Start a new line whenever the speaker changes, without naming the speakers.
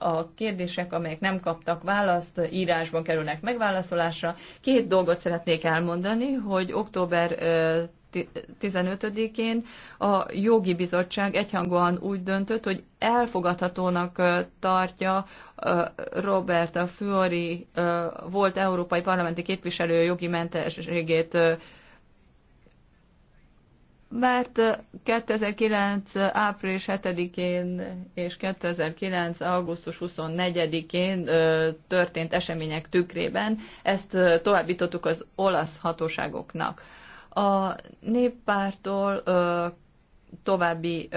a kérdések, amelyek nem kaptak választ, írásban kerülnek megválaszolásra. Két dolgot szeretnék elmondani, hogy október 15-én a jogi bizottság egyhangúan úgy döntött, hogy elfogadhatónak tartja Roberta Fiori volt európai parlamenti képviselő jogi mentességét mert 2009. április 7-én és 2009. augusztus 24-én történt események tükrében ezt továbbítottuk az olasz hatóságoknak. A néppártól további